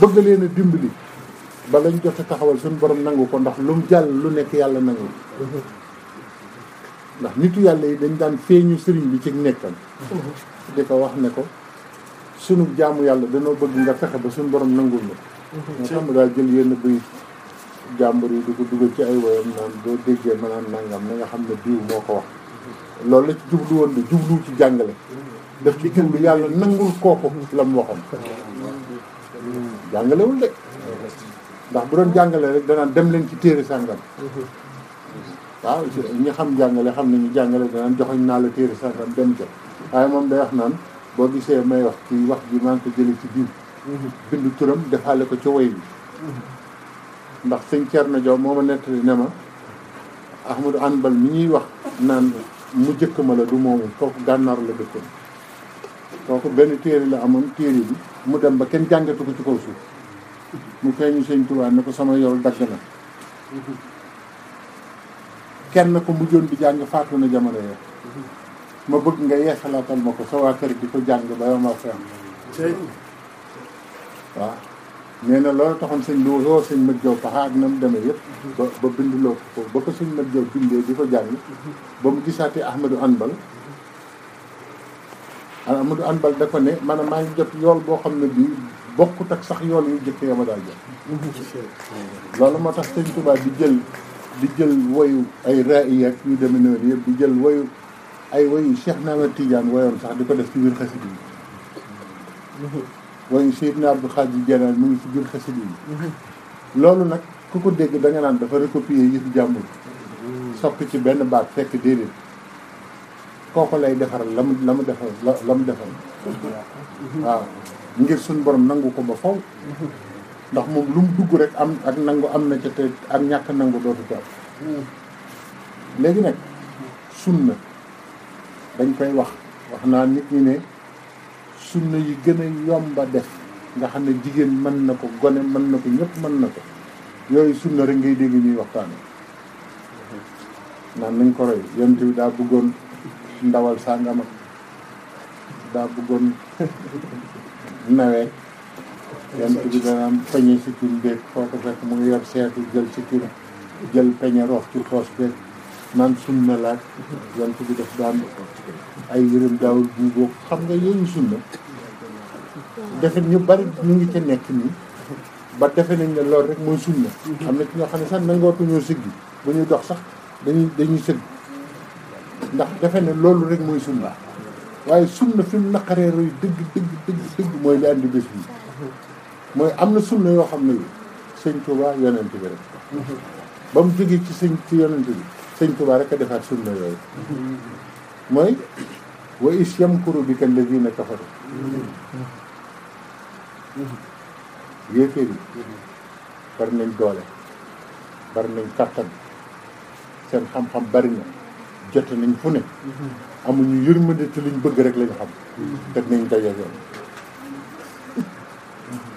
bëgg leen a dimbali ba lañ jot taxawal suñu borom nangu ko ndax lu mu jàll lu nekk yàlla nangu ndax nitu yàlla yi dañ daan feeñu sëriñ bi ci nekkam di ko wax ne ko sunu jaamu yàlla danoo bëgg nga fexe ba suñu borom nangul na moo xam daal jël yenn buy jàmbur yi di ko dugal ci ay woyam naan doo déggee maanaam nangam na nga xam ne diw moo ko wax loolu la ci jublu woon de jublu ci jàngale daf ci bi yàlla nangul kooku lam waxoon jàngalewul de ndax bu doon jàngalee rek danaan dem leen ci téere sàngam waaw ñi xam jàngale xam nañu jàngale danaan joxoñ naa la téere sàngam dem jot waaye moom day wax naan boo gisee may wax ci wax ji maa ngi ko jële ci biir bindu turam defaale ko ci woy bi ndax sëñ Thierno Diop moo ma nettali ne ma Ahmadou Anbal mi ñuy wax naan mu jëkk ma la du moomu kooku gànnaar la dëkkoon kooku benn téere la amoon téere bi mu dem ba kenn jàngatu ko ci kaw suuf mu feeñu sëñ Tuubaa ne ko sama yool dagg na kenn ko mujjoon di jàng faatu na jamono ya ma bëgg nga yeesalaatal ma ko sa waa kër di ko jàng ba na loolu taxoon sëñ bi woo sëñ na mu demee yëpp ba ba binduloo ko ba ko sëñ Mat Jaw bindee di ko jàng ba mu gisaatee Ahmadou Hanbal Ahmadou Hanbal da ko ne maanaam maa ngi jot yool boo xam ne bii bokkut ak sax yoon yu jëkk ya ma daa jël loolu moo tax sëñ Tuubaa di jël di jël woyu ay raay ak yu demee noonu yëpp di jël woyu ay woyu Cheikh Naama Tidiane woyoon sax di ko def ci biir xasit yi woyu Seydina Abdou Khadre Jeylani ngi ci biir xasit loolu nag ku ko dégg da nga naan dafa recopier yëf jàmbur soppi ci benn baat fekk déedéet kooku lay defaral la mu la mu defar la mu defar waaw ngir suñ boroom nangu ko ba faw ndax moom lu mu dugg rek am ak nangu am na ca te ak ñàkk nangu dootu ko am léegi nag sunna dañ koy wax wax naa nit ñi ne na yi gën a yomba def nga xam ne jigéen mën na ko gone mën na ko ñëpp mën na ko yooyu sunna rek ngay dégg ñuy waxtaane naan nañ ko roy yonent bi daa bëggoon ndawal sàngama daa bëggoon nawee yan bi danaam peñe si cin béeg foo ko fekk mu ngi yor seetu jël si cin jël peñe rox ci poos beeg naan sunna laaj yant bi def daan ay yërëm daawul buuboo xam nga yooyu sunna defe ñu bari mu ngi ca nekk nii ba defe nañ ne loolu rek mooy sunna xam ne ki ñoo xam ne sax nangootuñoo siggi bu ñuy dox sax dañuy dañuy sëgg ndax defe ne loolu rek mooy sunna waaye sunna fi mu naqaree roy dëgg dëgg dëgg dëgg mooy li andi bés bi mooy am na sunna yoo xam ne sëñ Tuubaa yonent bi rek ba mu jógee ci sëñ ci yonent bi sëñ Tuubaa rek a defaat sunna yooyu mooy wa is yamkuru bika alladina kafaru yéeféer yi bari nañ doole bari nañ kàttan seen xam-xam bari na jote nañ fu ne amuñu yërmande te liñ bëgg rek lañ xam mm-hmm. te nañ daje ak yoon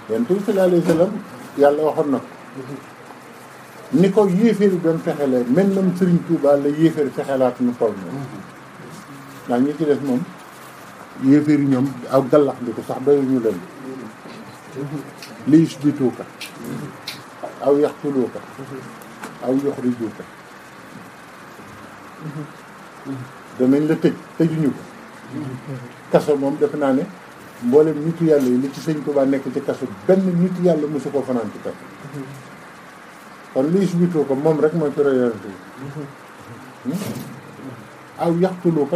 yonent bi sallallahu alayhi yàlla waxoon na ko mm-hmm. ni ko yéeféer yi doon fexelee mel nam Sëriñ Tuubaa la yéeféer fexelaat ñu toll moom mm-hmm. ndax ñi ci des moom yéeféer ñoom aw gallax bi ko sax doyu ñu leen li yusbituuka aw yaqtuluuka aw yuxrijuuka danañ la tëj tëjuñu ko kaso moom def naa ne mboolem nitu yàlla yi li ci sëñ Tuubaa nekk ci kaso benn nit yàlla mosu koo fanaan ci kaso kon li isbitoo ko moom rek mooy priorité bi hmm? aw yaxtuloo ko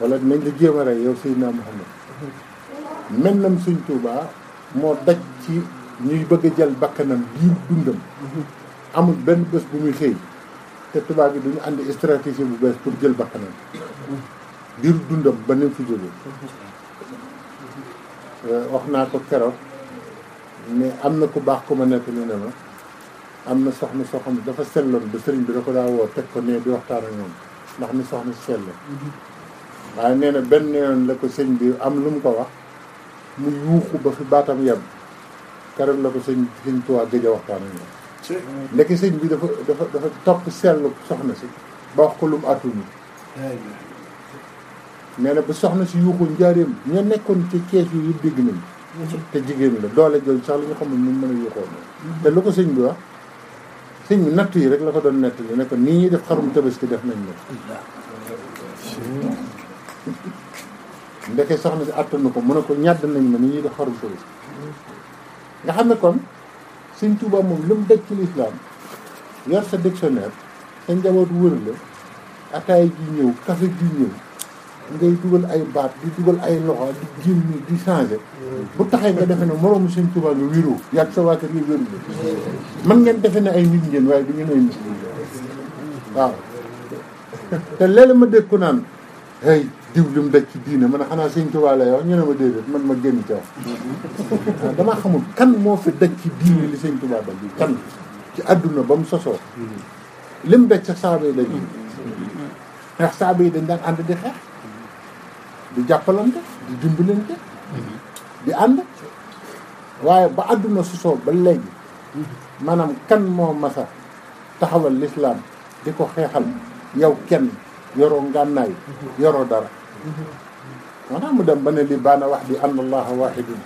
wala dinañ la jéem a rey yow Seydina Muhammad mel nam sëñ Tuubaa moo daj ci ñuy bëgg a jël bakkanam biir dundam amul benn bés bu muy xëy te tubaab yi duñu ànd stratégie bu bees pour jël bakkanam biir dundam ba ni fi jógee euh, wax naa ko keroog mais am na ku baax ku ma nekk ni ne ma am na soxna soo xam ne dafa selloon ba sëriñ bi da ko daa woo teg ko nee di waxtaan ak ñoom ndax ni soxna si sell waaye nee na benn yoon la ko sëñ bi am lu mu ko wax mu yuuxu ba fi baatam yem keroog la ko sëñ sëñ tuwaa gëj a waxtaan ak ñoom لكن سيد بي دافا دافا دافا توب سيل سخنا سي باخ كلوم اتوني نانا بو سخنا سي يوخو نجاريم ني نيكون تي كيس يي بيغ ني تي جيغيم لا دولا جول سال ني خامو نون مانا يوخو نو تا لوكو سيد بي وا سيد بي ناتي رك لاكو دون ناتي نيكو ني ني ديف خارم تبسكي ديف نان ني ndekay soxna ci attu nako mu ne ko ñadd nañ ma ni ñi di xaru sëriñ nga xam kon sëñ Tuuba moom lu mu daj ci lislaam yor sa dictionnaire sa njaboot wër la ataay ji ñëw café ji ñëw ngay dugal ay baat di dugal ay loxo di jim ni di changé bu taxee nga defe ne moroomu sëñ Tuuba nga wéru yàgg sa waa kër yi wéru man ngeen defe ne ay nit ngeen waaye du ngeen ay nit waaw te léeg ma dégg ko naan hey diw lu mu daj ci diine man xanaa sëñ Tuubaa lay wax ñu ne ma déedéet man ma génn ca wax ah, damaa xamul kan moo fi daj ci diine li sëñ Tuubaa daj bi kan ci àdduna ba mu sosoo li mu daj sax saaba yi daj dañ daan ànd di xeex di jàppalante di dimbalante di ànd waaye ba àdduna sosoo ba léegi maanaam kan moo masa taxawal lislaam di ko xeexal yow kenn yoroo ngànnaay yoroo dara moo mm-hmm. tax mu dem ba ne li baana wax di anna allaha wahidun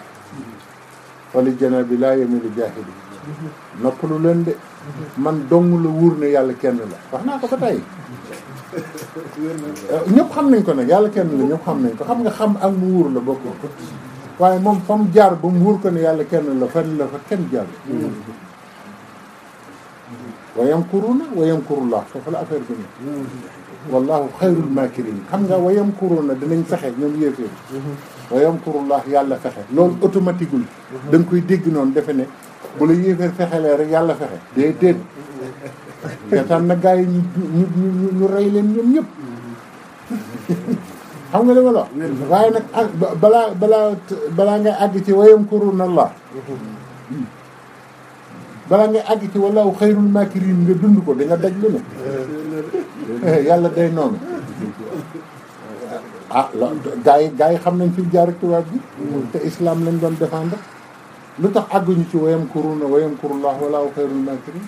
wali mm-hmm. bi laa yamilu jahidun mm-hmm. noppalu leen de man dong la wóor ne yàlla kenn la wax naa ko ko tey ñëpp xam nañ ko nag yàlla kenn la ñëpp xam nañ ko xam nga xam ak mu wóor la bokk waaye moom fa mu jaar ba mu wóor ko ne yàlla kenn la fan la fa kenn jaar wa yamkuruuna wa yamkurullah foofu la affaire bi ne والله خير الماكرين خمغا ويمكرون دنين فخه نيوم ييفه ويمكر الله يالا فخه لول اوتوماتيكول دنجكوي ديغ نون ديفني بولا ييفه فخه لا رك يالا فخه دي دين كتان نغاي نيت نيت نيت نيت ري لين نيوم نيب خمغا لا ولا غاي نك بلا بلا بلا نغا اغتي ويمكرون الله بلا نغا اغتي والله خير الماكرين نغا دوندكو دي نغا yàlla day noonu ah gaa yi gaa yi xam nañ fi mu jaar ak tubaab bi te islam lañ doon défendre lu tax àgguñu ci wayam kuruna wayam kurullah walaa xayrul makirin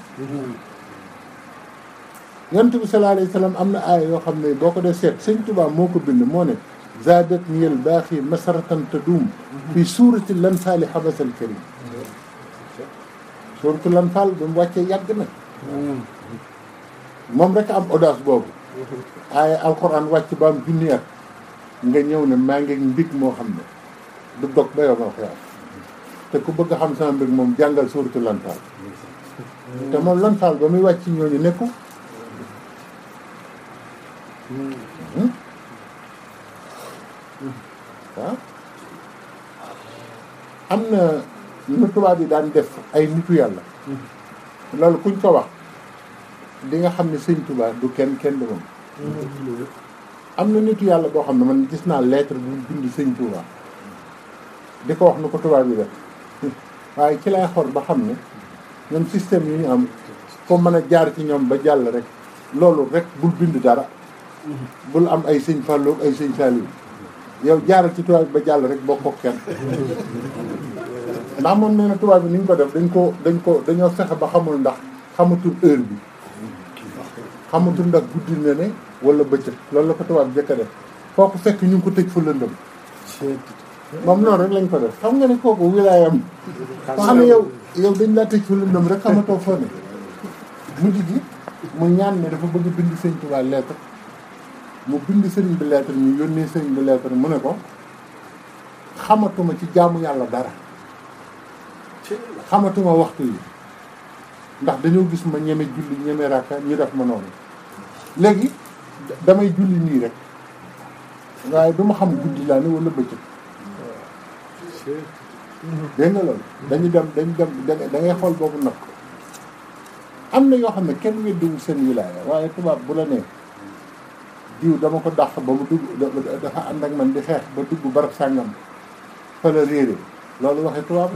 yonent bi sallallahu alayhi wa sallam am na aaya yoo xam ne boo ko dee seet sëñ Tuubaa moo ko bind moo ne zaadat niyel baax yi masaratan tadum fi suurati lan faali xabasal karim suurati lan faal ba mu wàccee yàgg na moom rek am audace boobu ay alxuraan wàcc ba am junni nga ñëw ne maa ngi mbig moo xam ne du dog ba yomal xiyaam te ku bëgg a xam sama mbir moom jàngal suuratu lantaal te moom lantaal ba muy wàcc ñooñu nekku waaw am na nu tubaab yi daan def ay nitu yàlla loolu kuñ ko wax li nga xam ne sëñ Touba du kenn kenn du moom am na nitu yàlla boo xam ne man gis naa lettre bu bind sëñ Touba di ko wax nu ko tubaab yi def waaye ci lay xor ba xam ne ñoom système yi ñu am foo mën a jaar ci ñoom ba jàll rek loolu rek bul bind dara bul am ay sëñ Fallou ay sëñ Saliou yow jaaral ci tubaab bi ba jàll rek boo ko kenn ndax moom nee na tubaab bi ni ñu ko def dañ ko dañ ko dañoo fexe ba xamul ndax xamatul heure bi xamatul ndax guddi na ne wala bëccëg loolu la ko tubaab jëkk a def foo ko fekk ñu ngi ko tëj fa lëndëm moom noonu rek lañ ko def xam nga ne kooku wilaayam ko xam ne yow yow dañ laa tëj fa lëndëm rek xamatoo foo ne mujj gi mu ñaan ne dafa bëgg bind sëñ Tuubaa lettre mu bind sëriñ bi lettre ñu yónnee sëriñ bi lettre mu ne ko xamatuma ci jaamu yàlla dara xamatuma waxtu yi ndax dañoo gis ma ñeme julli ñeme rakka ñu def ma noonu léegi damay julli nii rek waaye du ma xam guddi laa ne wala bëccëg dégg nga loolu dañu dem dañu dem da ngay xool boobu nag am na yoo xam ne kenn weddiwul seen wilaaya waaye tubaab bu la nee diw dama ko dàq ba mu dugg dafa ànd ak man di xeex ba dugg barab sàngam fa la réeré loolu waxee tubaab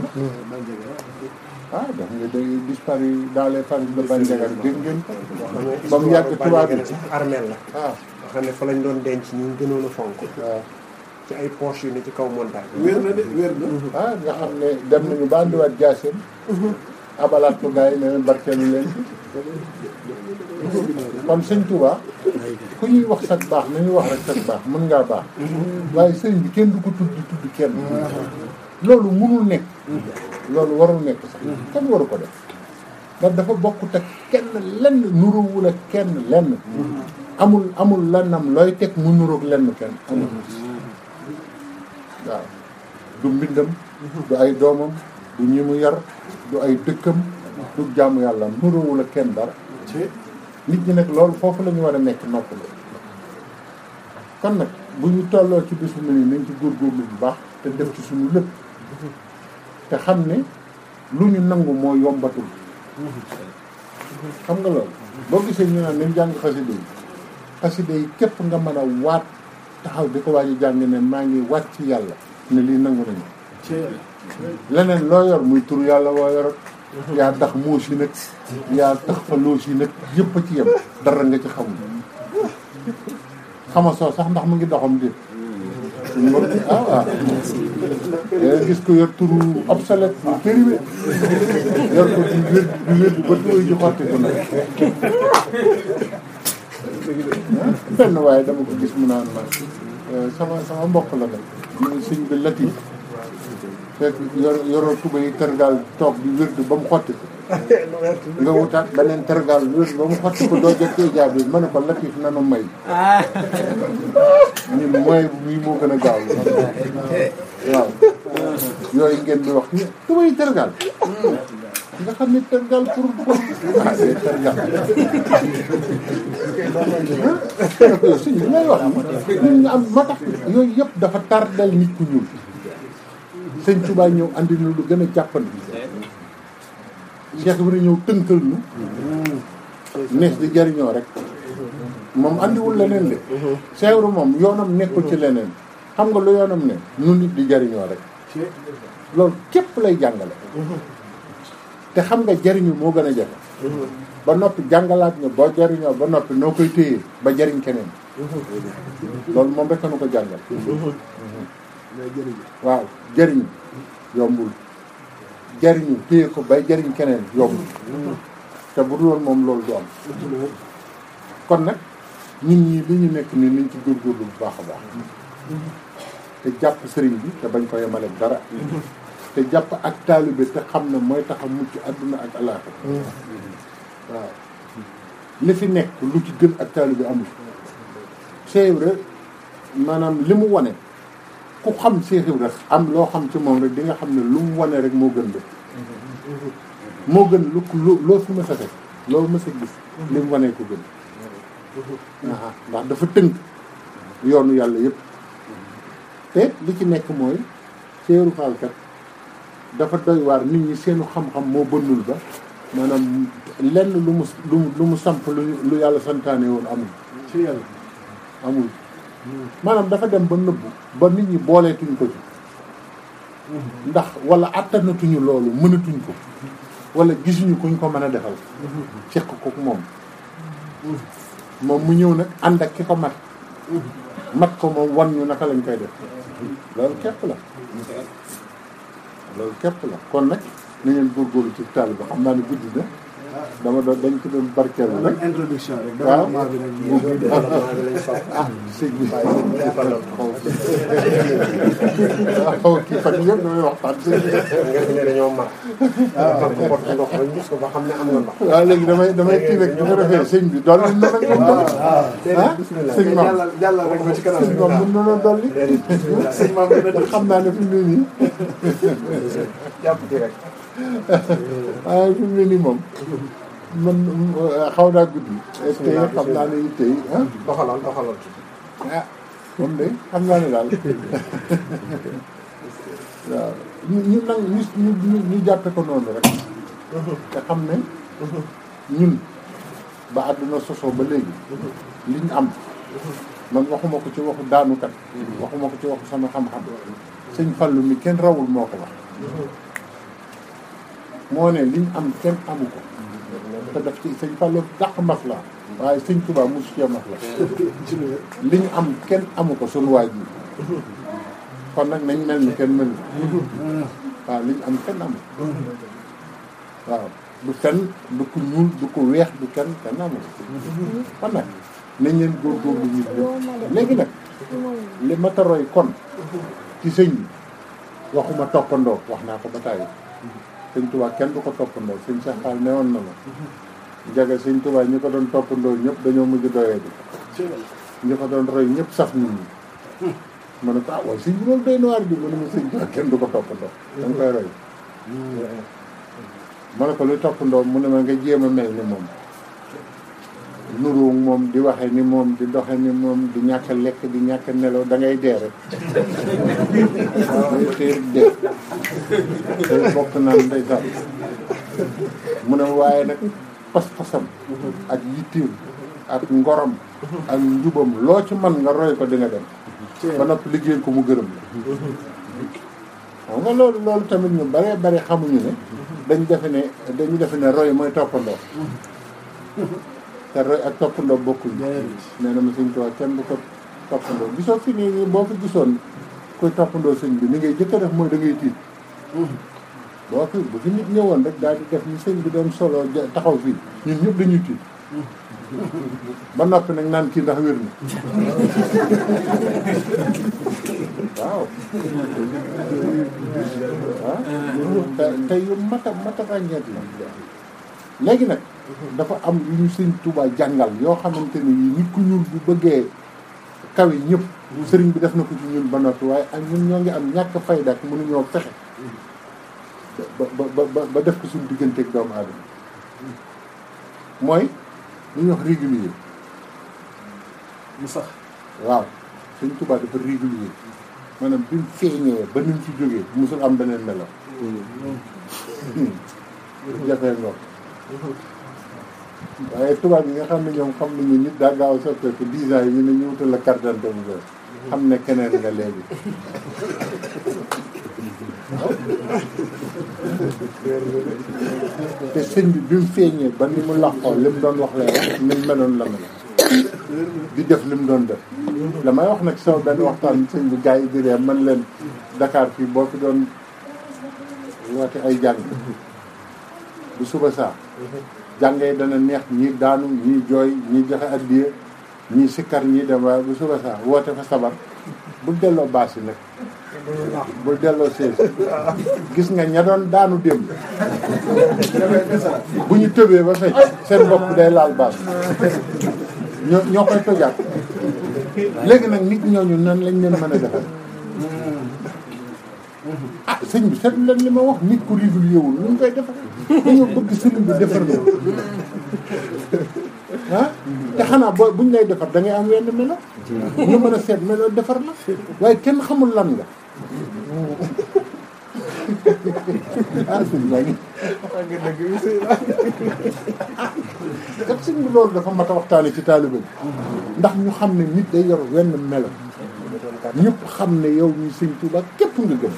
ah daf nga day disparu dans les farines de Bandiagara dégg ngeen ba mu yàgg tubaab armeel la. waaw nga xam ne doon denc ñu gënoon a fonk. Ah. ay poches yu ci kaw montagne. wér na de wér na. Mhm. ah xam ne dem nañu ba andiwaat jaaseen. Mhm. abalaat ko gars yi ne leen barkeelu leen. kon sëñ Touba ku ñuy wax sag baax nañu wax rek sag baax mën ngaa baax. Mhm. waaye sëñ bi kenn du ko tudd tudd kenn. loolu mënul nekk. loolu warul nekk sax hmm. kenn waru ko def ndax dafa bokkut ak kenn lenn nuruwul ak kenn lenn hmm. amul amul lennam looy teg mu nuroog lenn kenn amul hmm. waaw du mbindam du ay doomam du ñi yar du ay dëkkam du jàmm yàlla nuruwul ak kenn dara nit ñi nag loolu foofu la war a nekk noppalu kon nag bu ñu tolloo ci bisu mel ni góor ci góorgóorlu bu baax te def ci suñu lépp te xam ne lu ñu nangu moo yombatul xam nga loolu boo gisee ñu naan nañ jàng xasida yi xasida yi képp nga mën a waat taxaw di ko waaj jàng ne maa ngi waat ci yàlla ne lii nangu nañu leneen loo yor muy tur yàlla woo yor yaa tax muus yi nag yaa tax fa loos si nag yëpp a ci yem dara nga ci xaw xamul xama soo sax ndax mu ngi doxam di ah waaw. gis ko yor turu obsolète bu périmé yor ko di wér di wér ba tooy ji xotti ko nag. benn waaye dama ko gis mu naan ma sama sama mbokk la nag. ñu sëñ bi Latif. fekk yor yoroo tuba yi toog bi wérdu ba mu xotti ko nga wutaat beneen tërngaal wérdu ba mu xotti ko doo jot ci jaab bi ma ne ko latif nanu may ñu ah. mooy bii moo gën a gaaw waaw yooyu ngeen di wax ñu tuba yi nga xam ne tërngaal pour pour ah yëpp dafa tardel nit ku ñuul sëñ Tuubaa ñëw andi ñu lu gën a jàppandi. Cheikh Ibrahima ñëw tënkal ñu. nees di jariñoo rek. moom andiwul leneen de. Cheikh Ibrahima moom yoonam nekkul ci leneen. xam nga lu yoonam ne nu nit di jariñoo rek. loolu képp lay jàngale. te xam nga jariñu moo gën a jafe. ba noppi jàngalaat nga boo jariñoo ba noppi noo koy téye ba jariñ keneen. loolu moom rek nu ko jàngal. waaw. jëriñ yombul jëriñu téye ko bay jariñ keneen yombul te bu dul moom loolu du am kon nag nit ñi li ñu nekk nii nañ ci góor bu baax a baax te jàpp sëriñ bi te bañ ko yemale dara te jàpp ak taalibe te xam na mooy tax a mucc àdduna ak alaaxira waaw li fi nekk lu ci gën ak taalibe amul c'est vrai li mu wane ku xam Cheikh Ibrahima am loo xam ci moom rek di nga xam ne lu mu wane rek moo gën la moo gën lu lu loo fi mës a def loo mës gis li mu wanee ko gën ndax dafa tënk yoonu yàlla yëpp te li ci nekk mooy Cheikh Fall kat dafa doy waar nit ñi seenu xam-xam moo bënnul ba maanaam lenn lu mu lu mu samp lu lu yàlla santaane woon amul ci yàlla amul maanaam dafa dem ba nëbbu ba nit ñi booleetuñ ko ci ndax wala attanatuñu loolu mënatuñ ko wala gisuñu kuñ ko mën a defal ceq ko moom moom mu ñëw nag ànd ak ki ko mat mat ko moom wan ñu naka lañ koy def loolu képp la loolu képp la kon nag na góor góorgóorlu ci taal bi xam naa ne guddi na dama doon dañ ci doon barkeel nag. introduction rek développement bi nag. ñu ngi développement bi lañ soxla. ah sëñ bi waaye sëñ bi defal la ko. kii fan yëpp damay waxtaan sëñ bi. nga fi ne dañoo mar. waaw waaw waaw waaw ndox bañ gis ko ba xam ne am na ndox. waaw léegi damay damay kii rek bu ko defee sëñ bi dolli na nag. waaw waaw déedéet ah, bisimilah sëñ ma jàllal jàllal rek ba ci kanam. sëñ ma mën na la dolli. déedéet bisimilah sëñ ma mën na xam naa ne fi mu ne nii. jàpp ci rek. ah fi mu moom. man xaw naa guddi. tey xam naa ne tey ah. ah moom de xam naa ne daal. waaw ñu ñu nag ñu ñu ñu jàppe ko noonu rek. Mhm. te xam ne. Mhm. ñun ba àdduna sosoo ba léegi. Mhm. liñ am. man waxuma ko ci waxu daanukat. waxuma ko ci waxu sama xam-xam. sëñ Fallu mi kenn rawul moo ko wax. moo ne liñ am kenn amu ko te daf ci sëñ Fallou dàq mas la waaye sëñ Tuubaa mosu cee mas la liñ am kenn amu ko suñu waaj yi kon nag nañ mel ni kenn mel ni waaw liñ am kenn amu waaw du kenn du ku ñuul du ko weex du kenn kenn amu kon nag nañ leen góor góorgóorlu ñu léegi nag li mata roy kon ci sëñ bi waxuma toppandoo wax naa ko ba tàyyi sëñ Tuubaa kenn du ko toppandoo sëñ Cheikh Fall ne woon na la njage sëñ Tuubaa ñi ko doon toppandoo ñëpp dañoo mujj doyee bi ñi ko doon roy ñëpp saf nit mu ma ne ko ah waaye sëñ bi loolu doy na waar bi mu ne ma sëñ Tuubaa kenn du ko toppandoo da nga koy roy hmm. ma ne ko luy toppandoo mu ne ma nga jéem a mel ni moom nuru moom di waxe ni moom di doxe ni moom di ñàkk lekk di ñàkk a nelaw da ngay dee rek xiir dee day bokk naan day dal mu waaye nag pas-pasam ak yittim ak ngorom ak njubam loo ci man nga roy ko di nga dem ba noppi liggéey ko mu gërëm la xam nga loolu loolu tamit ñu bare bare xamuñu ne dañ defe ne dañu defe ne roy mooy toppandoo te roy ak toppandoo bokkul. nee na ma sëñ Tuubaa kenn du ko toppandoo gisoo fi nii boo ko gisoon koy toppandoo sëñ bi ni ngay jëkk a def mooy da ngay tiit. Mm-hmm. boo ko bu fi nit ñëwoon rek daal di def ni sëñ bi dem solo taxaw fii ñun ñëpp dañuy tiit. Mm-hmm. ba noppi nag naan kii ndax wér na waaw ah te yu mat a mat a ràññeet la léegi nag dafa am yu ñu sëñ Touba jàngal yoo xamante ne ni nit ku ñuul bu bëggee kawe ñëpp sëriñ bi def na ko ci ñun ba noppi waaye ak ñun ñoo ngi am ñàkk fayda ak mënuñoo fexe ba ba ba def ko suñu digganteek ak doomu aadama mooy li ñuy wax régulier mu sax waaw sëñ Touba dafa régulier maanaam bi mu feeñee ba ni mu fi jógee musul am beneen melo mm. jafee ngoon mm-hmm. waaye tubaab yi nga xam ne ñoom xam nañu nit daa gaaw a soppeeku dix ans yi ñu ne ñu wutal la carte d'identité bu bees xam ne keneen nga léegi. te sëñ bi bi mu feeñee ba ni mu laqoo li mu doon wax la wax ni mu meloon la mel di def li mu doon def damay wax nag sama benn waxtaan sëñ bu gars yi di man leen Dakar fii boo fi doon woote ay jàng bu suba saa jàngee dana neex ñii daanu ñii jooy ñii joxe addiya ñii sikkar ñii dem waaye bu suba sax woote fa sabar bul delloo baas yi nag bul delloo siis gis nga ña doon daanu démb bu ñu tëbee ba fecc seen bopp day laal baas ñoo ñoo koy tojaat léegi nag nit ñooñu nan lañ leen mën a defal sëñ bi seet lan li ma wax nit ku riidul yëwul lu mu koy defar dañoo bëgg sëriñ bi defar la ah te xanaa boo buñ lay defar da ngay am wenn melo nga mën a seet melo defar la waaye kenn xamul lan nga ah sëñ baa ngi kat sëñ bi loolu dafa mat a waxtaane ci taalibe bi ndax ñu xam ne nit day yor wenn melo ñëpp xam ne yow ñu sëñ Tuuba képp nga gëm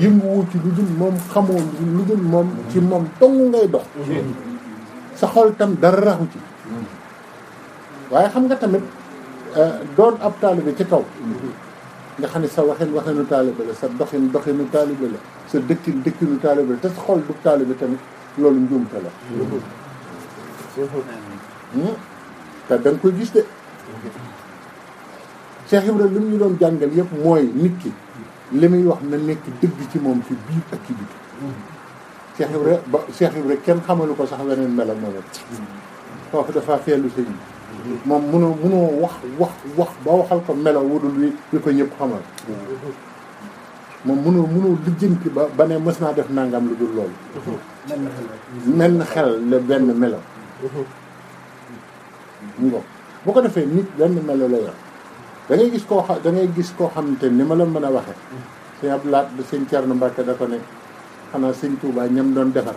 yënguwoo ci lu dul moom xamoo lu dul moom ci moom dong ngay dox sa xol tam dara raxu ci waaye xam nga tamit euh, doon ab taalibe ci kaw nga xam ne sa waxin waxinu taalibe la sa doxin doxinu taalibe la sa dëkkin dëkkinu taalibe la te sa xol du taalibe tamit loolu njuumte la hmm? te da koy gis de Cheikh Ibrahima li mu ñu doon jàngal yëpp mooy nit ki li muy wax na nekk dëgg ci moom ci biir ak ci biti Cheikh Ibrahima ba Cheikh Ibrahima kenn xamalu ko sax weneen mel ak moom foofu dafa feelu sëñ bi moom munoo munoo wax wax wax ba waxal ko melo wudul wi wi ko ñëpp xamal moom munoo munoo lijjanti ba ba ne mës naa def nangam lu dul loolu menn xel la benn melo mu ngo bu ko defee nit benn melo la yor da gis koo xam da gis koo xamante ni ma la mën a waxee mm. sëñ Abdou seen da sëñ Cerno Mbàkke ko ne xanaa sëñ Tuubaa ñam doon defar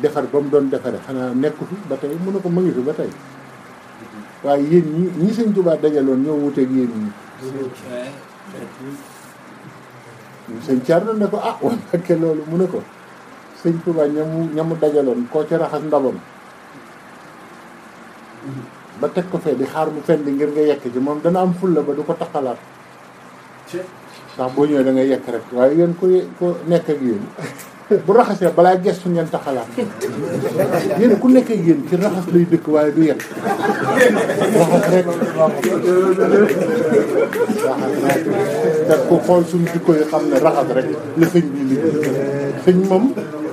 defar ba mu doon defare xanaa nekku fi ba tey mën ne ko mu ngi fi ba tey mm-hmm. waaye yéen ñi ñi sëñ Tuubaa dajaloon ñoo wuteeg yéen ñi sëñ Cerno ne ko ah wan Mbàkke loolu mu ne ko sëñ Tuubaa ñamu ñamu dajaloon koo ci raxas ndabam mm-hmm. ba teg ko fee di xaar mu fenn ngir nga yekk ji moom dana am ful la ba du ko taxalaat ndax boo ñëwee da ngay yekk rek waaye yéen ko ko nekk ak yéen bu raxasee balaa gestu ngeen taxalaat yéen ku nekk ak yéen ci raxas lay dëkk waaye du yekk raxas rek raxas rek te xool suñu jikko yi xam ne raxas rek la sëñ bi liggéey sëñ moom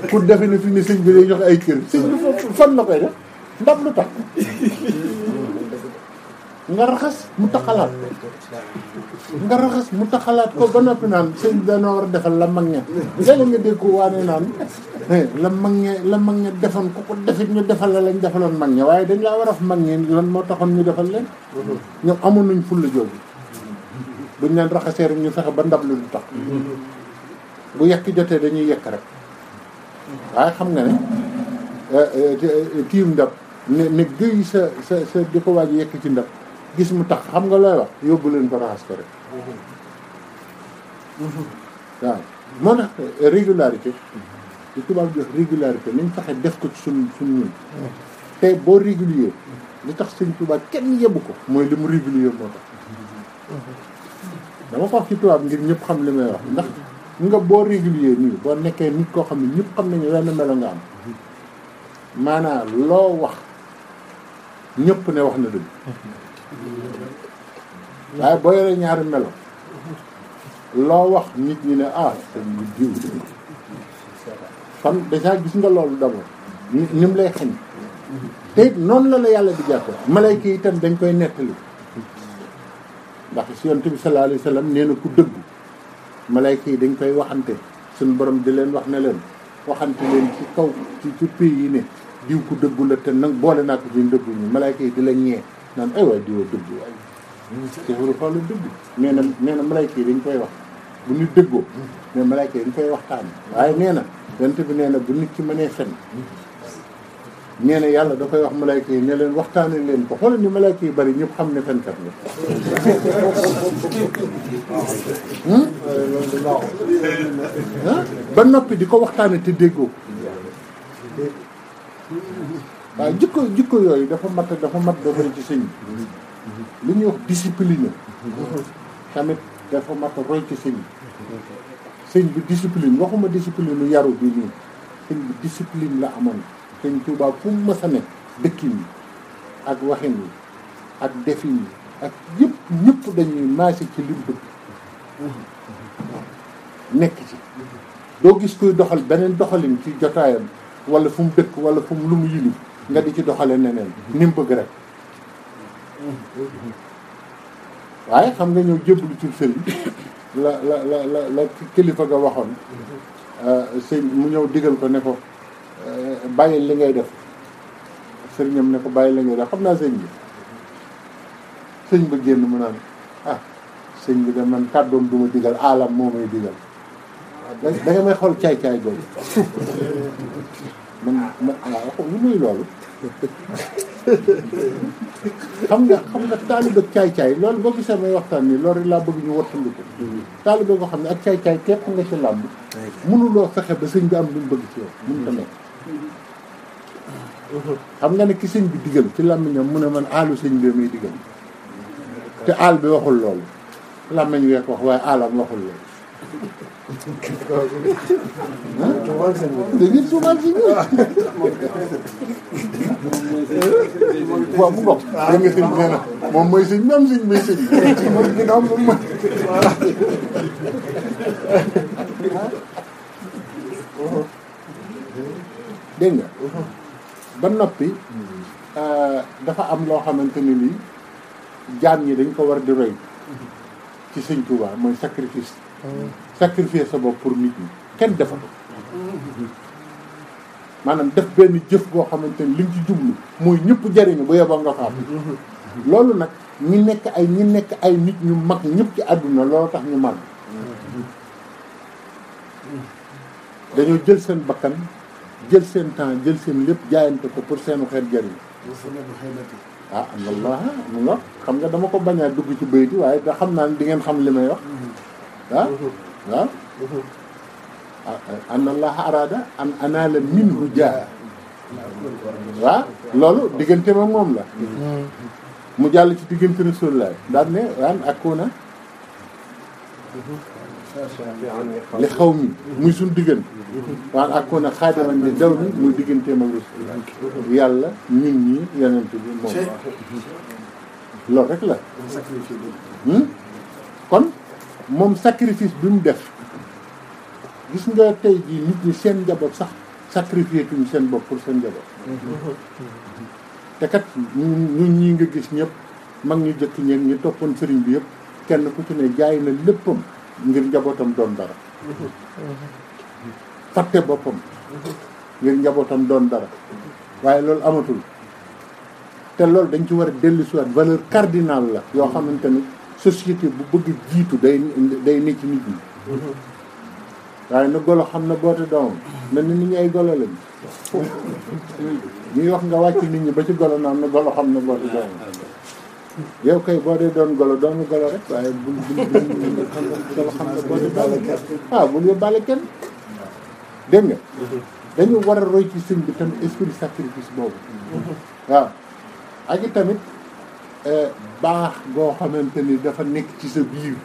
ku defe ne fi ne sëñ bi day jox ay kër sëñ bi fan la koy def ndam lu tax nga mutakalat mu mutakalat mu ko gana pinan naan dana war defal la mag ña léegi nga dégg waane naan la mag ña la mag ña defoon ku ko defit ñu defal la lañ defalon mag ña waaye dañ laa war a lan mo taxoon ñu defal leen ñoom amu nañ fulla jooju buñ leen raxasee rek ñu fexe ba ndab lu tax bu yakki jote dañuy yekk rek waaye xam nga ne tiim ndab ne ne sa sa sa di ko ci ndab gis mu tax xam nga looy wax yóbbu leen ko raxas ko rek mhm. Mhm. waaw moo tax euh, régularité li tubaab di régularité nañ fexe def ko ci suñ suñ mhm. te boo régulier li tax sëñ tubaab kenn yebbu ko mooy li mu régulier moo tax dama ko wax ci tubaab ngir ñëpp xam li may wax ndax nga boo régulier nii boo nekkee nit koo xam ne ñëpp xam nañu wenn melo nga am maanaa loo wax ñëpp ne wax na dëgg waaye boo yoree ñaari melo loo wax nit ñi ne ah sëñ bi jiw kon déjà gis nga loolu d'abord ni mu lay xañ te noonu la la yàlla di jàppe malayka yi itam dañ koy nettali ndax si yonent bi sallallahu alayhi wa ku dëgg malayka yi dañ koy waxante suñ borom di leen wax ne leen waxante leen ci kaw ci ci pays yi ne diw ku dëggu la te nag boole naa ko ci dëggu ñu malayka yi di la ñee naan ay waay diwa dëgg waay Cheikh Fall la dëgg nee na nee na malayka koy wax bu nit dëggoo mais malayka yi dañ koy waxtaan waaye nee na yonent bi nee na bu nit ki mënee fen yàlla da koy wax malayka yi ne leen waxtaane leen ko xoolal ni malayka yi bari ñëpp xam ne fenkat la hmm? ba noppi di ko waxtaane te déggoo waaw jikko jikko yooyu dafa mat dafa mat dafa roy ci sëñ bi li ñuy wax discipline tamit dafa mat roy ci sëñ bi sëñ bi discipline waxuma discipline lu yaru bi nii sëñ bi discipline la amoon sëñ Tuubaa fu mu mës a nekk dëkkin yi ak waxin yi ak defin yi ak yëpp ñëpp dañuy maase ci lim bëgg nekk ci doo gis kuy doxal beneen doxalin ci jotaayam wala fu mu dëkk wala fu mu lu mu nga di ci doxale neneen ni mu bëgg rek waaye xam nga ñëw lu ci sëriñ la la la la kilifa ga waxoon euh, sëñ mu ñëw digal ko ne ko euh, bàyyi li ngay def sëriñam ne ko bàyyi li ngay def xam naa sëñ bi sëñ ba génn mu naan ah sëñ bi da man kàddoom du ma digal alam moo may digal da may xool caay-caay boobu man ah, muy loolu xam nga xam nga taaliba caay-caay loolu boo gisee may waxtaan ni loolu laa bëgg ñu wattandu ko taaliba boo xam ne ak caay-caay képp nga ci làmb mënuloo fexe ba sëñ bi am lu mu bëgg ci yow mënu ta nekk xam nga ne ki sëñ bi digal ci làmmiñam mu ne man aalu sëñ bi muy digal te aal bi waxul loolu làmmiñ week wax waaye aalam waxul loolu Devir Cumacini. waaw mu ngoog. ah nga sëñ nee na moom mooy sëñ même sëñ mooy sëñ. mooy gën a am moom mooy. dégg nga. ba euh, di roy ci sëñ Tuubaa mooy sacrifice. Euh, sacrifier sa bopp pour nit ñi kenn defatu maanaam def benn jëf boo xamante ni li ci jublu mooy ñëpp jariñu bu yeboo nga faam loolu nag ñi nekk ay ñi nekk ay nit ñu mag ñëpp ci àdduna loolu tax ñu mag dañoo jël seen bakkan jël seen temps jël seen lépp jaayante ko pour seenu xeet jariñu ah am na loo xam nga dama ko bañ a dugg ci béy bi waaye da xam naa ne di ngeen xam li may wax Mhm. Mhm. a waaw anna allaha arada an anaala minhu jaa waaw loolu diggante ma moom la mhm. mu jàll ci diggante rasulullah daan ne waan akuna li xaw mi muy suñ diggante waan akuna xaadiman li daw mi muy diggante ma rasulullah yàlla ñun ñi yonent bi moom loolu rek la hmm? kon moom sacrifice bi mu def gis nga tey jii nit ñi seen njaboot sax sacrifié tuñu seen bopp pour seen njaboot mm-hmm. te kat ñun ñi nga gis ñëpp mag ñu jëkk ñeen ñu toppoon sëriñ bi yëpp kenn ku ci ne jaay na léppam ngir njabootam doon dara mm-hmm. fàtte boppam mm-hmm. ngir njabootam doon dara waaye loolu amatul te loolu dañ ci war a dellusiwaat valeur cardinale la yoo xamante ni société bu bëgg jiitu day day ne ci nit ñi waaye na golo xam na boote doomam na ni nit ñi ay golo lañ ñuy wax nga wàcc nit ñi ba ci golo naan na golo xam na boote doomam yow kay boo dee doon golo doon golo rek waaye bul bul golo xam na boote doomam waaw bul yóbbaale kenn dégg dañu war a roy ci sëñ bi tam esprit sacrifice boobu waaw ak i tamit baax goo xamante ni dafa nekk ci sa biir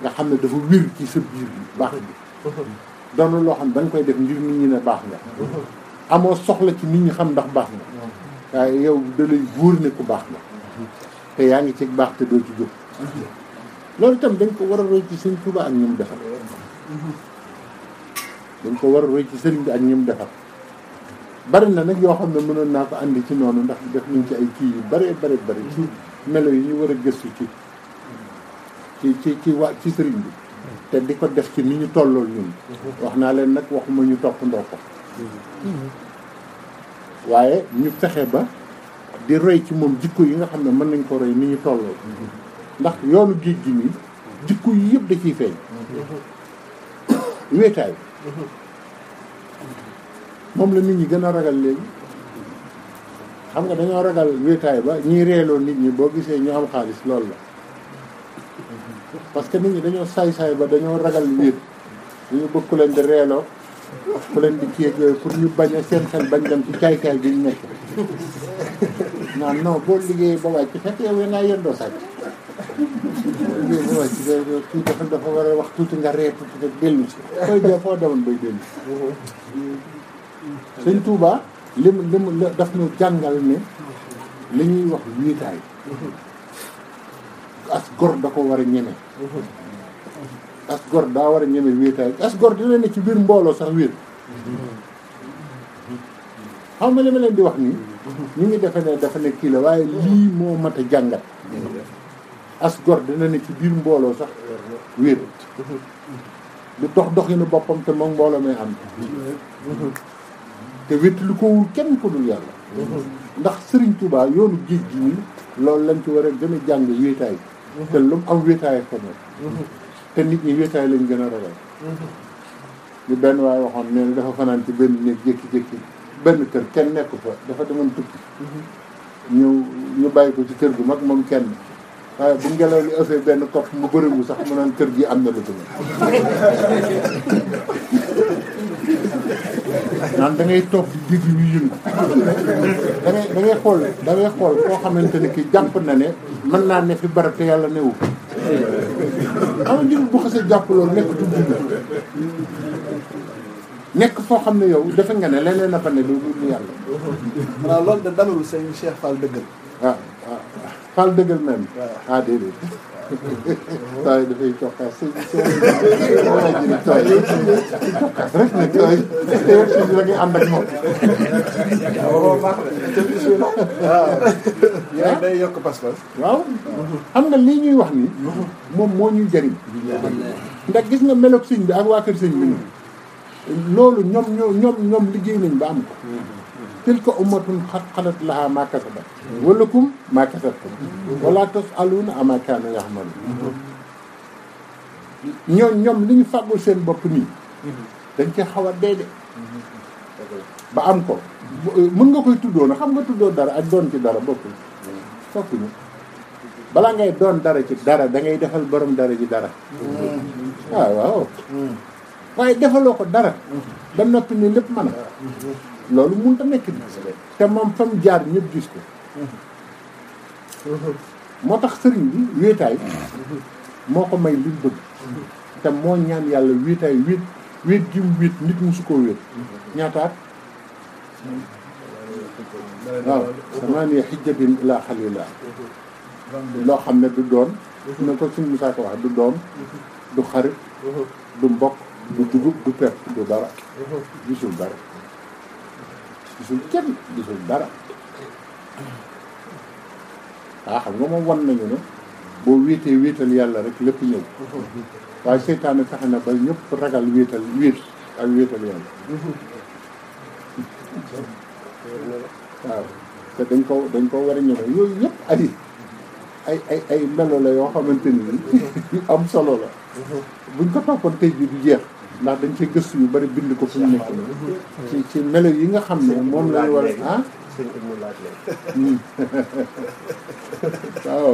nga xam ne dafa wir ci sa biir baax bi doonu loo xam da nga koy def ngir nit ñi ne baax nga amoo soxla ci nit ñi xam ndax baax nga waaye yow da lay wóor ne ku baax nga te yaa ngi ci baax te doo ci jóg loolu itam dañ ko war a roy ci sëñ Tuuba ak ñoom defar dañ ko war a roy ci sëriñ bi ak ñoom defar bari na nag yoo xam ne mënoon naa ko andi ci noonu ndax def nañ ci ay kii yu bare bare bari ci melo yi ñu war a gëstu ci ci ci ci waa ci sëriñ bi te di ko def ci ni ñu tollool ñun wax naa leen nag waxuma ñu topp ndoo ko waaye ñu fexe ba di roy ci moom jikko yi nga xam ne mën nañ ko roy ni ñu tollool ndax yoonu géej gi nii jikko yi yëpp di ciy feeñ mm-hmm. wéetaay mm-hmm. moom la nit ñi gën a ragal léegi xam nga dañoo ragal wéetaay ba ñuy reeloo nit ñi boo gisee ñu am xaalis lool la parce que nit ñi dañoo saay-saay ba dañoo ragal wéet dañu bëgg ku leen di reeloo ku leen di kii yooyu pour ñu bañ a seen xel bañ dem ci caay-caay bi ñu nekk naan non boo liggéeyee ba wàcc fekk yow naa yendoo sàcc liggéey ba kii dafa dafa war a wax tuuti nga ree tuuti rek dellu si koy dee foo demoon bay dellu sëñ Touba lim lim daf ñu jàngal ne li ñuy wax wiitaay as gor da ko war a ñeme as gor daa war a ñeme wiitaay as gor dina ne ci biir mbooloo sax wiir xam nga li ma leen di wax ni ñu ngi defe ne dafa ne kii la waaye lii moo mat a jàngat as gor dina ne ci biir mbooloo sax wéerut di dox doxinu boppam te mong mbooloo may am te wéttali koowul kenn ko dul yàlla ndax sëriñ Touba yoonu géej gi nii loolu lañ ci war a gën a jàng wéetaay te lu mu am wéetaay ko moom te nit ñi wéetaay lañ gën a ragal li benn waaye waxoon nee na dafa fanaan ci benn néeg jékki-jékki benn kër kenn nekku ko dafa demoon tukki ñu ñu bàyyi ko ci kër gu mag moom kenn waaye bu ngelaw li ëffee benn kopp mu bëriwu sax mu naan kër gi am na lu dul naan da ngay toog di dégg ñu yëngu da ngay da xool da ngay xool koo xamante ne kii jàpp na ne mën naa ne fi barab te yàlla newu ama jul bu xasee jàpp loolu nekk tu dund nekk foo xam ne yow defe nga ne leneen a fa ne lu dul yàlla waaw loolu de dalul sëñ Cheikh Fall dëggal waaw ah, ah, waaw Fall dëggal même ah, ah temps yi dafay cokkaas jëri tooy cokkaas rek si da ngay ànd ak moom waaw day yokk pas waaw lii ñuy wax ni moom moo ñuy jëriñ ndax gis nga meloog sëñ bi ak waa kër sëñ bi loolu ñoom ñoom ñoom liggéey nañ ba am ko tilka ummatun xat xalat laha ma kasabat walakum ma kasabtum wala tasaluuna ama kaanu yaxmalu ñoom ñoom li ñu fàggul seen bopp nii dañ ci xaw a dee de ba am ko mën nga koy tuddoo na xam nga tuddoo dara ak doon ci dara bokkul fokkuñu balaa ngay doon dara ci dara da ngay defal borom dara ci dara ah, waaw mm. waaye defaloo ko dara ba noppi ni lépp mën a loolu mun ta nekk te moom fam jaar ñëpp gis ko moo tax sëriñ bi wéetaay moo ko may li mu te moo ñaan yàlla wéetaay wéet wéet gi mu wéet nit mu su ko wéet ñaataat waaw samaaniya xijjatin ilaa xalila loo xam ne du doon na ko suñ Musaa ko wax du doom du xarit du mbokk du dugub du pepp du dara gisul dara gisul kenn gisul dara waa ah, xam nga moom wan nañu ne boo wéetee wéetal yàlla rek lépp ñëw waaye seytaane tax na ba ñëpp ragal wéetal wéet ak wéetal yàlla waaw te dañ ko dañ ko war a yooyu yëpp ay ay ay ay la yoo xamante ni yu am solo la buñ ko toppoon tey ji du jeex ndax dañ cee gëstu yu bari bind ko fu mu nekk ci ci melo yi nga xam ne moom lañu war ah hmm. waaw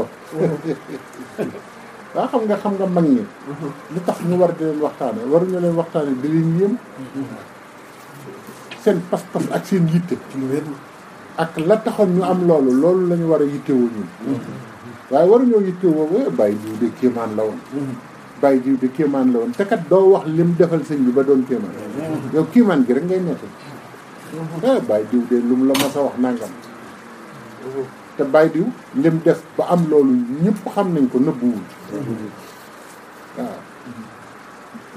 waaw xam nga xam nga mag ñi lu tax ñu war di leen waxtaane waruñu leen waxtaane di leen yéem seen pas-pas ak seen yitte ak la taxoon ñu am loolu loolu lañu war a yittewoo ñun waaye waruñoo yittewoo eh, bàyyi diw de kéemaan la woon bàyyi jiw bi kéemaan la woon te kat doo wax lim defal sëñ bi ba doon kéemaan yow kéemaan gi rek ngay nettali mhm. ah, bàyyi jiw de lu mu la mas a wax nangam te bàyyi jiw lim def am loolu ñëpp xam nañ ko nëbbuwul mhm. ah.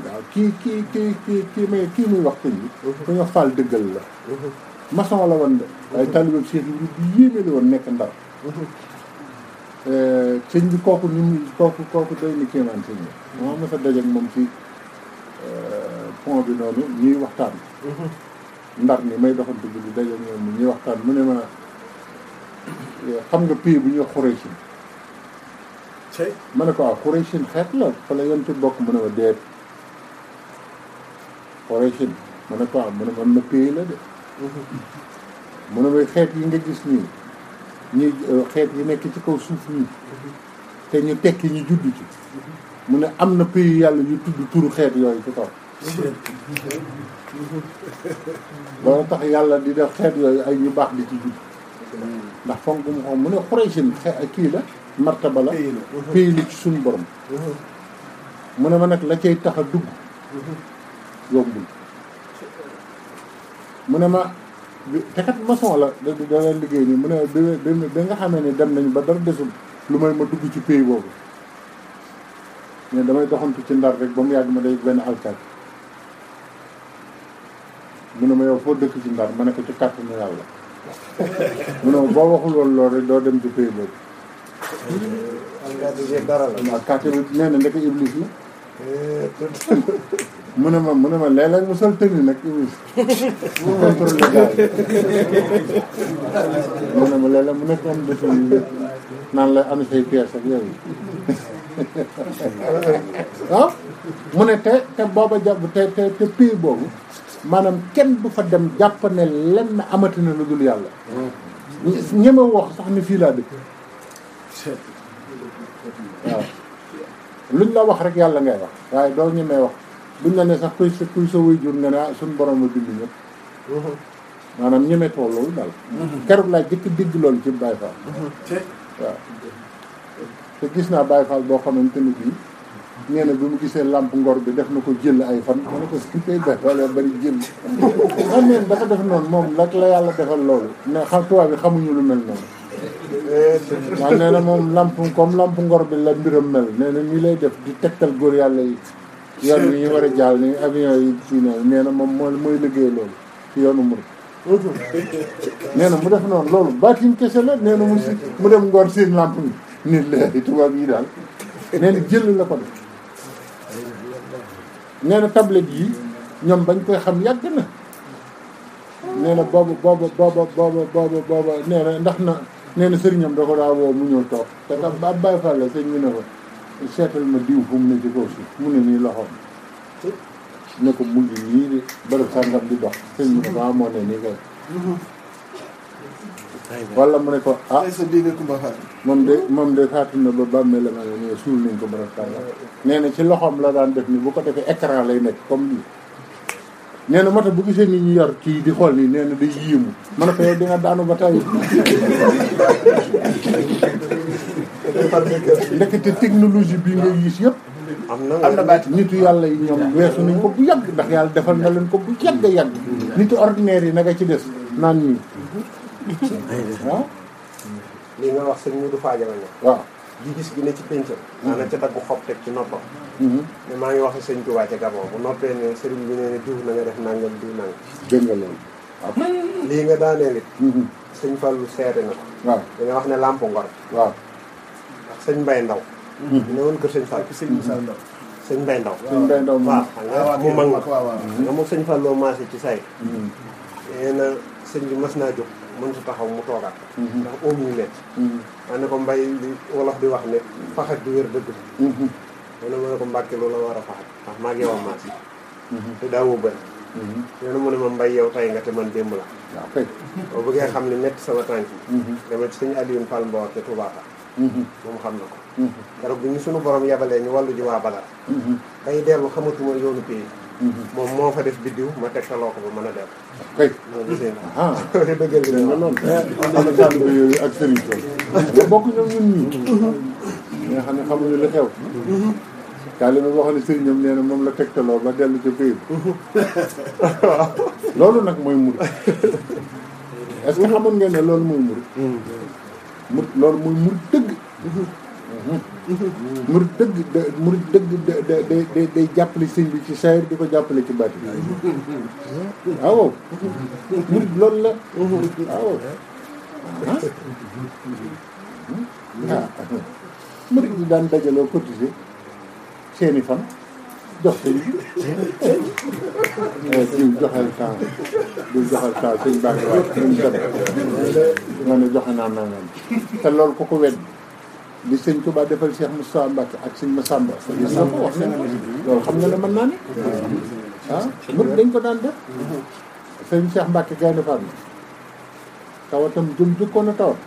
waaw kii kii kii kii kii muy wax sëñ bi mhm. ku nga fal la maçon la woon de waaye talibab Cheikh Ibra bi yéeme nekk Ndar Euh, sëñ bi kooku ni mu kooku kooku doy ni kéemaan sëñ bi moo am na dajeek moom ci euh, pont bi noonu ñuy waxtaan mm-hmm. ndar ni may doxantu bi di dajeek ñoom ñuy waxtaan mu ne ma euh, xam nga pays bu ñuy xuree si ma ne ko waaw xuree si xeet la fa la bokk mu ne ma déet xuree si ma ne ah, la de mm-hmm. mu ne may xeet yi nga gis nii ñuy euh, xeet yi nekk ci kaw suuf nii te ñu tekki ñu judd ci mu ne am na pays yàlla yu tudd turu xeet yooyu ci kaw loolu tax yàlla di def xeet yooyu ay ñu baax di ci judd ndax fonk mu xam mu ne xuraysin kii la martaba la pays la ci suñu borom mu ne ma nag la cay tax dugg yombul mu ne ma te kat maçon la da da liggéey nii mu ne bi nga xamee ni dem nañu ba dara desul lu may ma dugg ci pays boobu mais damay doxantu ci ndar rek ba mu yàgg ma day benn alkaat mu ne ma yow foo dëkk ci ndar ma ne ko ci kàttanu yàlla mu ne ma boo waxul loolu doo dem ci pays boobu alkaat yi dara la waaw kàttanu nee na ndeke iblis la mu ne ma mu ne ma léeg-léeg mu sol tenue nag iwis mu contrôle gars yi mu ne ma léeg-léeg mu am def naan la am say pièces ak yooyu ah mu te te booba jàpp te te te pays boobu maanaam kenn du fa dem jàpp ne lenn amati na lu dul wax sax ni dëkk luñ la wax rek yàlla ngay wax waaye doo ñemee wax buñ la ne sax kuy sa wuy sa waajur nga naa ah suñ borom a bind ñëpp mhm. maanaam ñemetoo loolu daal mhm. keroog laa jëkk dégg loolu ci Baye Fall mhm. te gis naa Baye Fall boo xamante ni bii ngeen na bi mu gisee làmp ngor bi def na ko jël ay fan ma ne ko si koy Baye Fall bari jël man neen dafa def noonu moom lak la yàlla defal loolu mais xam tubaab bi xamuñu lu mel noonu waaw nee na moom lamp comme làmp ngor bi la mbiram mel nee na nii lay def di tegtal góor yàlla yi yoon bi ñu war a jaal ni avion yi kii noonu na moom moo mooy liggéey loolu ci yoonu murid nee na mu def noonu loolu baatin kese la nee na mu si mu dem ngoon seen lamp ni nit la tubaab yi daal nee na jël la ko def nee na yi ñoom bañ koy xam yàgg na nee na booba booba booba booba booba ndax na nee na sëriñam da ko daa woo mu ñëw toog te tam ba Baye Fall la sëñ ne ko seetal ma diw fu mu ne ci kaw suuf mu ne nii loxoom ne ko mu ngi nii de bërëb sàngam di dox sëñ bi ne ko ah moo ne nii kay. wala mu ne ko ah moom de moom de faatu na ba bàmmee la ma ne suul nañ ko bërëb sàngam nee na ci loxoom la daan def ni bu ko defee écran lay nekk comme lii. nee mata bu gisee nit ñu yar ci di xol ni nee day yéemu ma ne ko yow di daanu ba tey te technologie bi nga gis yëpp amna baat nitu yàlla yi ñoom weesu nañ ko bu yàgg ndax yàlla defal na leen ko bu yàgg yàgg nitu ordinaire yi naga ci des naan ñi waaw li nga wax sëñ Moudou Fadiama waaw ji gis gi ne ci pénc mm-hmm. maanaam ca daggu xob teg ci noppam mm-hmm. ne maa ngi wax sëñ Tuubaa ca Gabon bu noppee ne sëriñ bi nee ne diw na nga def nangam diw nangam dégg nga loolu lii nga daaneel it mm-hmm. sëñ Fallou seede na ko waaw wax ne làmp ngor waaw Mbay Ndaw ñu ne woon kër sëñ Fallou sëñ Moussa Ndaw sëñ Mbay Ndaw sëñ Mbay Ndaw waaw xam nga mu mag nga nga moom sëñ Fallou maase ci say nee na sëñ bi mas naa jóg mënut taxaw mu toogaat. Mhm. ndax oom yu métti. ma ne ko mbay li wolof di wax ne faxat di wér dëgg la. nee na ma ne ko mbàkke loolu la war a faxat ndax maa ngi yow a maas mhm. te daawoo benn. Mhm. nee na mu ne mbay yow tay nga te man démb la. waaw kay bëggee xam ne métti sama tànk yi. dama ci suñu Alioune Fall Mbawar te Touba moom xam na ko. keroog bi ñu sunu borom yabalee ñu wàllu ji waa Badar. bay dellu xamatuma yoonu pays. Mhm. moom moo fa def biddiw ma tegtaloo ko ba mën a def. kay loolu seen ah dëggal gi dama noonu. Eh, eh, am ak sëriñ Sow. bokk mhm. Mhm. nga xam ne xamuñu li xew. taalibe boo xam ne sëriñam nee na moom la tegtaloo ba dellu ca pays bi. loolu nag mooy murit. est-ce que xamoon ngeen loolu mooy murit. loolu mooy murit dëgg. Mmh. murit dëgg murit dëgg day day day jàppale sëñ bi ci saayir di ko jàppale ci baat bi mmh. waaw murit loolu la mmh. waaw ah. ah murit bi daan dajaloo cotiser seeni fan jox sëñ bi eh, diw joxal temps diw joxal temps sëñ baa ngi waaj ne joxe naa nangam te loolu ku ko wedd li sëñ Touba defal Cheikh Moustapha Mbacke ak sëñ Massamba sëñ Massamba wax na loolu xam nga ne naa ne ah ñëpp dañ ko daan def Cheikh Mbacke Gaynde Fatma tawatam jëm jëkkoon a tawat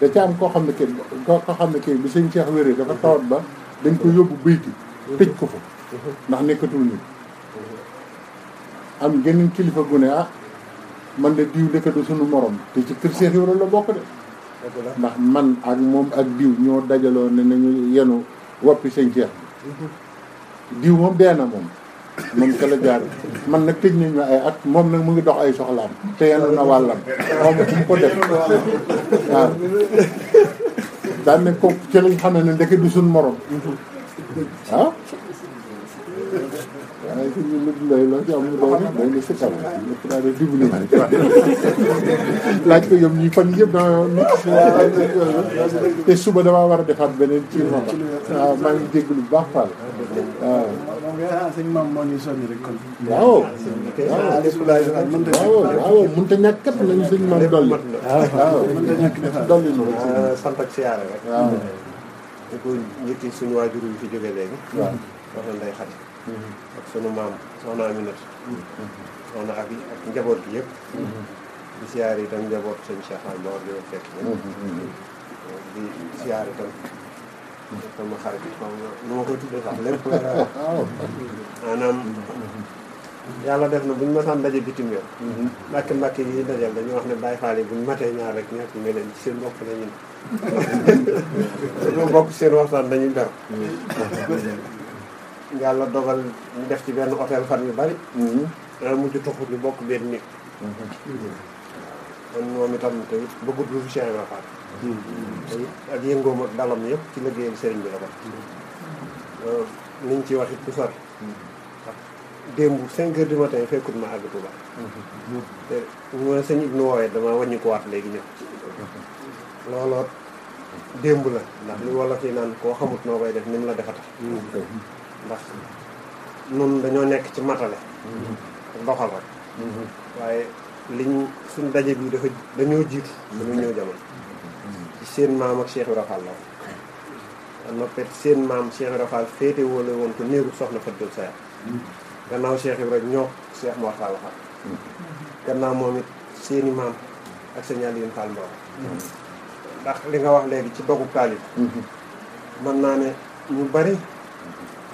da ca am koo xam ne kii koo xam ne kii bi sëñ Cheikh wéree dafa tawat ba dañ ko yóbbu bayti tëj ko fa ndax nekkatul nii am geneen kilifa gu ne ah man de diw dëkk du sunu morom te ci kër Cheikh Ibrahima la bokk de. ndax man ak moom ak diw ñoo dajaloo ne nañu yenu woppi sëñ Cheikh diw moom dee na moom. man ka la jaar man nag tëj nañ ay at moom nag mu ngi dox ay soxlaam te yenu na wàllam xaw ma fu mu ko def waaw daan ne ko ci lañ xamee ne sunu morom waaw waaye fi ñu lëkkaloo loo ci amul doole day nga sëkkal lépp daal di laaj ko ñoom ñi fan yëpp suba damaa war a defaat beneen ci moom waaw maa ngi dégg lu baax Fall waaw. sëñ maam moo ñuy soññ rek kon. waaw waaw waaw mënta ñàkk kat nañ sëñ maam dolli. waaw mënta ñàkk defaat dolli na ko. Euh, sant ak siyaare rek. waaw. di ko njëkk suñu waajur yi fi jógee léegi. waaw wax nañ Mm-hmm. ak sunu maam soxna Aminat mm-hmm. soxna ak ak njaboot gi yëpp mm-hmm. di siyaar itam njaboot sëñ Cheikh Fall Mbaor di fekk bi xam nga nu ma koy tuddee sax lépp la maanaam yàlla def na buñu masaan daje bitim yoon mbàkki mbàkki yi dajal dañu wax ne Baye Fall yi ñu matee ñaar rek ñàkk nga seen bopp nañu ne dañoo bokk seen waxtaan dañuy dara yàlla dogal ñu def ci benn hôtel fan yu bari. Mhm. dana mujj tuxu ñu bokk benn néeg. Mhm. man moom itam te bëggut lu fi Cheikh Ibra Fall. Mhm. te ak yëngoom ak dalam yëpp ci liggéeyal sëriñ bi la ko. niñ ci wax it bu sori. démb 5 heures du matin fekkut ma àgg Touba. te ñu ma sëñ Ibnu woowee dama wàññi léegi ñëw. looloo démb la ndax li wolof yi naan koo xamut noo koy def ni mu la defa tax ndax nun dañoo nekk ci matale ak doxal rek mhm. waaye liñ suñ daje bi dafa dañoo jiitu dañoo ñëw jamono ci seen maam ak Cheikh Ibra Fall la woon noppet seen maam Cheikh Ibra Fall féete wala woon ko néegu soxna Fatou Seye gannaaw ñoo Cheikh Mor Fall moom seeni maam ak seen ñaar yéen Fall ndax li nga wax léegi ci dogu kaal yi mhm. naa ne ñu bari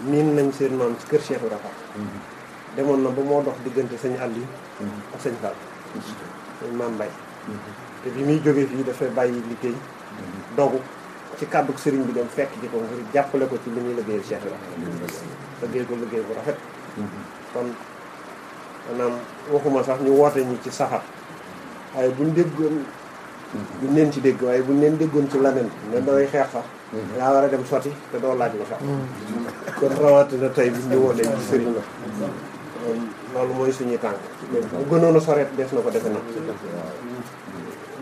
miin nañ seen maam ci kër Cheikh Ibra mhm. demoon na ba moo dox diggante sëñ Aliou mhm. ak sëñ Fall mhm. sëñ maam Mbaye te bi muy jógee fii dafay bàyyi liggéey dogu ci kàddu sëriñ bi dem fekk ji ko ngir jàppale ko ci li muy liggéeyal Cheikh Ibra liggéey ko liggéey bu rafet kon maanaam waxuma sax ñu woote ñi ci safar waaye buñ déggoon buñ leen ci dégg waaye buñ leen déggoon ci leneen ne daway xeex sax dangaa mm-hmm. war a dem sotti te doo laaj lu sax mm-hmm. kon rawatina tey bi ñu woolee ci sëriñ la loolu mooy suñuy tànk bu gënoon a soreet des na ko defe na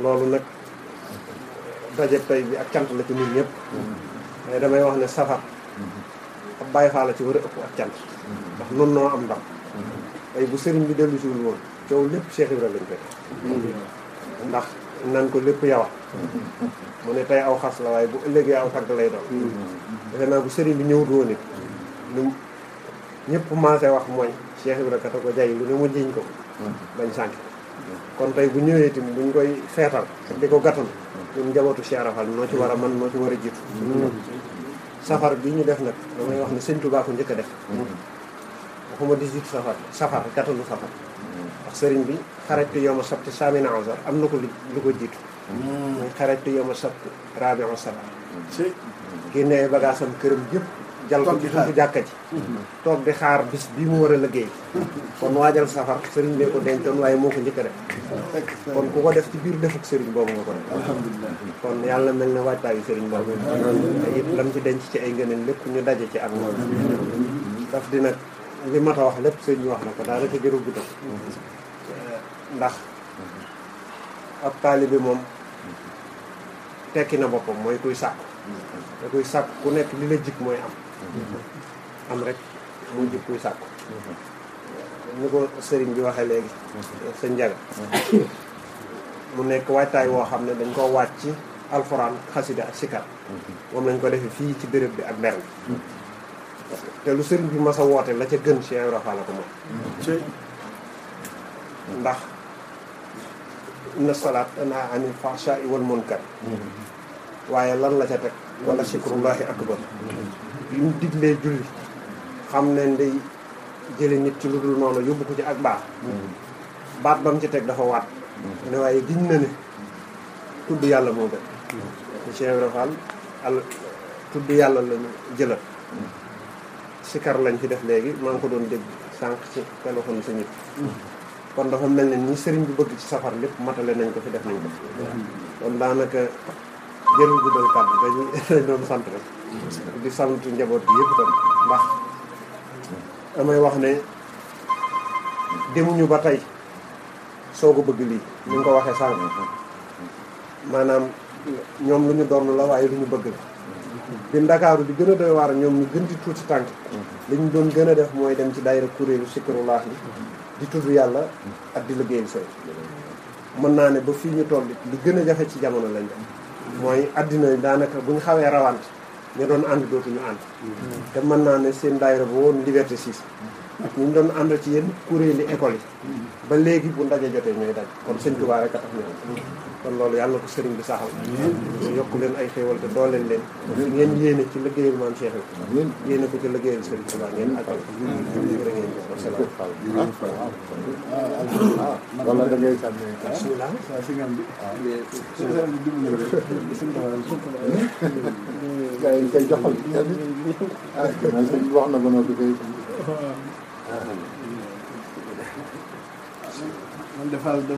loolu nag daje tey bi ak cant la ci ñun ñëpp mais damay wax ne safar ab bàyyi faa la ci war a ëpp ak cant ndax nun noo am ndax tey bu sëriñ bi dellu siwul woon coow lépp Cheikh Ibrahima lañ fekk mm-hmm. ndax nan ko lépp yawa mu ne tey aw xas la waaye bu ëllëgee aw tagg lay doon defe naa bu sëriñ bi ñëwut woon it lu ñëpp maase wax mooy Cheikh bi Kata ko jay lu ne mu jiñ ko bañ sànki kon tey bu ñëwee tim buñ koy feetal di ko gàttal ñun njabootu Cheikh noo ci war a mën noo ci war a jiitu safar bi ñu def nag damay wax ne sëñ Tuubaa njëkk a def waxuma 18 safar safar gàttalu safar ndax sëriñ bi xarajtu yowma sabti saamina asar am na ko lu ko jiitu mm. muy xarajtu yowma sabti rabiu saba génnee bagaasam këram yëpp jal ko ci suufu jàkka ji mm-hmm. toog di xaar bis bi mu war a liggéey mm-hmm. kon waajal safar sëriñ bee ko dencoon waaye moo ko njëkk a def kon ku ko def ci biir defuk sëriñ boobu nga ko def alhamdulilah kon yàlla mel ne waajtaayu sëriñ boobu te it lam ci ay ngëneen lépp ñu daje ci ak moom daf di nag li mat a wax lépp seen ñu wax na ko daanaka jëru guddal mm-hmm. ndax ab taalibe moom tekki na boppam mooy kuy sàkku te kuy sàkku ku nekk li la jikk mooy am am rek mu jik kuy sàkku ni ko sëriñ bi waxee léegi sa njaga mu nekk waajtaay woo xam ne dañ koo waaj ci alxuraan xasida ak sikar moom lañ ko defee fii ci béréb bi ak ber bi te lu sëriñ bi mas a woote la ca gën Cheikh Ibra Fall la ko moom ndax inna salaat tanha anil fahshaa'i wal munkar waaye lan la ca teg wala sikrullahi akbar li mu diglee julli xam ne ndey jële nit ci lu dul noonu yóbbu ko ci ak baax baat ba mu ci teg dafa waat ne waaye giñ na ne tudd yàlla moo gën Cheikh Ibra Fall tudd yàlla lañu jëlal sikar lañ ci def léegi maa ko doon dégg sànq ci téléphone sa nit kon dafa mel ne ni sëriñ bi bëgg ci safar lépp matale nañ ko fi def nañ ko kon daanaka jërul guddal kàddu dañu dañ doon sant rek di sant njaboot bi yëpp tam ndax damay wax ne demuñu ba tey soo ko bëgg lii ñu ngi ko waxee sànq maanaam ñoom lu ñu doon la waaye lu ñu bëgg la bi ndakaaru di gën a doy waar ñoom ñu gën di tuuti tànk li ñu doon gën a def mooy dem ci daayira kuréelu sikkarulaax yi di tudd yàlla ak di liggéeyal sëñ mën naa ne ba fii ñu toll li gën a jafe ci jamono lañ mooy mooy addina daanaka bu ñu xawee rawant ñu doon ànd dootuñu ànd mm-hmm. te mën naa ne seen daayira bu woon liberté 6 ak ñu doon àndal ci yenn kuréeli école yi ba léegi bu ndaje jotee ñooy daj kon sëñ Tuubaa rek a tax ñoom kon loolu yàlla ko sëriñ bi saxal yokk leen ay xéewal te dooleel leen ngeen yéene ci liggéeyal maam Cheikh bi yéene ko ci liggéeyal sëriñ Tuubaa ngeen àggal jërë ngeen jëf wasalaam wala da ngay bismillah si ngam bi ah. gaa yi koy joxal ah, wax na ba noppi Wonderful.